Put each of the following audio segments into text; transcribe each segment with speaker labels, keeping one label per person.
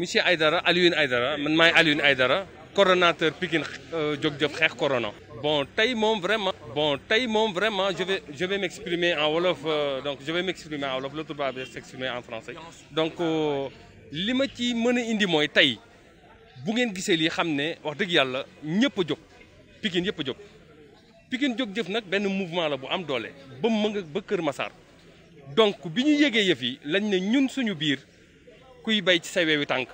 Speaker 1: monsieur Aydara Alioune Aydara man maay Alioune Aydara coordonnateur Pikine jóg euh, jëf xeex corona. bon tey moom vraiment. bon tey moom vraiment je vais je vais m'exprimer en wolof euh, donc je vais m'exprimer en wolof le tubaab bi s'exprimer en français donc euh, li ma ci mën a indi mooy tey bu ngeen gisee lii xam ne wax dëgg yàlla ñëpp jog pikin Pikine yëpp a jóg. Pikine jóg jëf nag benn mouvement la bu am doole ba mu nga ba Kër Massar donc bi ñu yëgee yëf yi lañ ne ñun suñu biir. kuy bay ci sa weewu tànk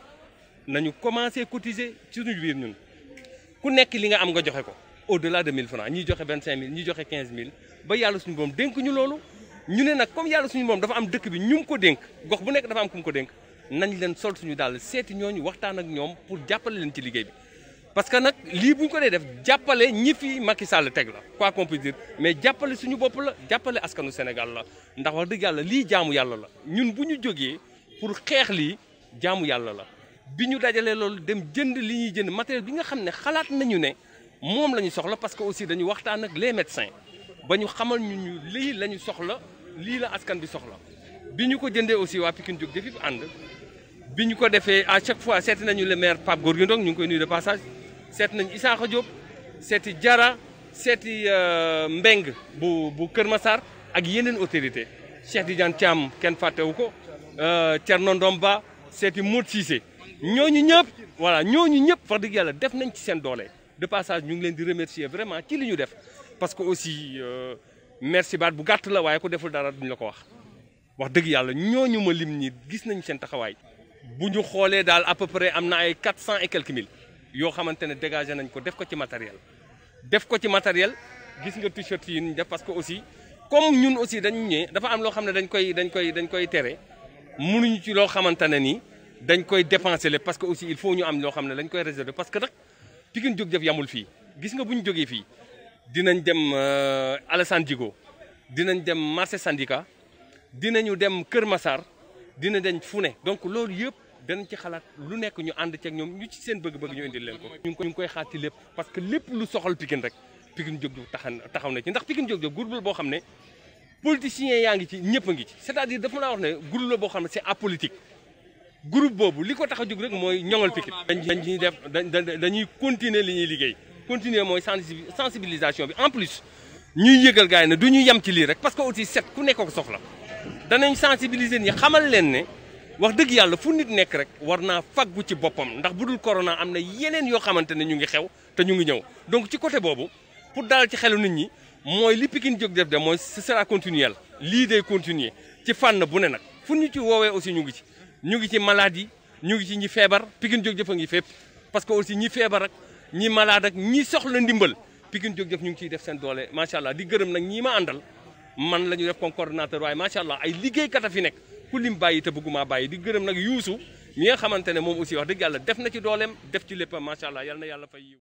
Speaker 1: nañu commencé cotiser ci suñu biir ñun ku nekk li nga am nga joxe ko au delà de 1000 francs ñiy joxe 25000 ñiy joxe 15000 ba yàlla suñu borom dénk ñu loolu ñu ne nag comme yàlla suñu borom dafa am dëkk bi ñu ngi ko dénk gox bu nekk dafa am ku mu ko dénk nañ leen sol suñu daal seeti ñooñu waxtaan ak ñoom pour jàppale leen ci liggéey bi. parce que nag lii bu ñu ko dee def jàppale ñi fi Macky Sall teg la quoi qu'on puisse mais jàppale suñu bopp la jàppale askanu Sénégal la ndax wax yàlla lii jaamu yàlla la ñun bu ñu jógee. pour xeex lii jaamu yàlla la bi ñu dajalee loolu dem jënd li ñuy jënd matériel bi nga xam ne xalaat nañu ne moom la ñu soxla parce que aussi dañu waxtaan ak les médecins ba ñu xamal ñu ñu lii la ñu soxla lii la askan bi soxla bi ñu ko jëndee aussi waa Pikine jóg dafib ànd bi ñu ko defee à chaque fois seeti nañu le maire Pape Gorgui Ndong ñu ngi koy nuyu de passage seeti nañu Issakha Diop seeti jara seeti euh, Mbeng bu bu Kër Massar ak yeneen autorité Cheikh Tidiane Thiam kenn fàttewu ko Euh, Thierno Ndomba seeti Modou Cissé ñooñu ñëpp voilà ñooñu ñëpp wax dëgg yàlla def nañ ci seen doole de passage ñu ngi leen di remercier vraiment ci li ñu def parce que aussi euh, merci baat bu gàtt la waaye ku deful dara duñu la ko wax wax dëgg yàlla ñu ma lim ñi gis nañ seen taxawaay bu ñu xoolee daal à peu près am na ay quatre cent et yoo xamante ne dégagé nañ ko def ko ci matériel def ko ci matériel gis nga t-shirt yi ñu def parce que aussi comme ñun aussi dañu ñëwee dafa am loo xam ne dañ koy dañ koy dañ koy tere mënuñu ci loo xamante ne nii dañ koy dépenser le parce que aussi il faut ñu am loo xam ne dañ koy réserver parce que nag Pikine jóg jëf yamul fii gis nga bu ñu jógee fii dinañ dem euh, Alassane Djigo dinañ dem marché syndicat dinañu dem Kër Massar dina dañ fu ne donc loolu yëpp danañ ci xalaat lu nekk ñu ànd ceeg ñoom ñu ci seen bëgg-bëgg ñu indil leen ko. ñu ngi koy xaati lépp parce que lépp lu soxal Pikine rek Pikine jóg jëf taxaw na ci ndax Pikine jóg jëf gurbul boo xam ne. politiciens yaa ngi ci ñëpp a ngi ci c'est-à-dire dafa naa wax ne groupe la boo xam ne c'est apolitique groupe boobu li ko tax a jóg rek mooy ñoŋal Pikine. dañuy def dañuy continuer li ñuy liggéey continuer mooy sensibilisation bi en plus ñuy yëgal gars yi ne du ñuy yem ci lii rek parce que aussi set ku nekk ko soxla danañ sensibiliser ñi xamal leen ne wax dëgg yàlla fu nit nekk rek war naa faggu ci boppam ndax bu dul corona am na yeneen yoo xamante ne ñu ngi xew te ñu ngi ñëw mooy li Pikine jóg def de mooy ce sera continuel lii dey continuer ci fànn bu ne nag fu ñu ci woowee aussi ñu ngi ci ñu ngi ci maladi ñu ngi ci ñi feebar Pikine jóg jëf a ngi fépp parce que aussi ñi feebar ak ñi malade ak ñi soxla ndimbal Pikine jóg jëf ñu ngi ci def seen doole macha allah di gërëm nag ñii ma àndal man la ñu def comme coordonnateur waaye macha allah ay liggéeykat a fi nekk ku lim bàyyi te bëgguma bàyyi di gërëm nag yuusu mi nga xamante ne moom aussi wax yàlla def na ci dooleem def ci léppam macha allah yal yàlla fay yiw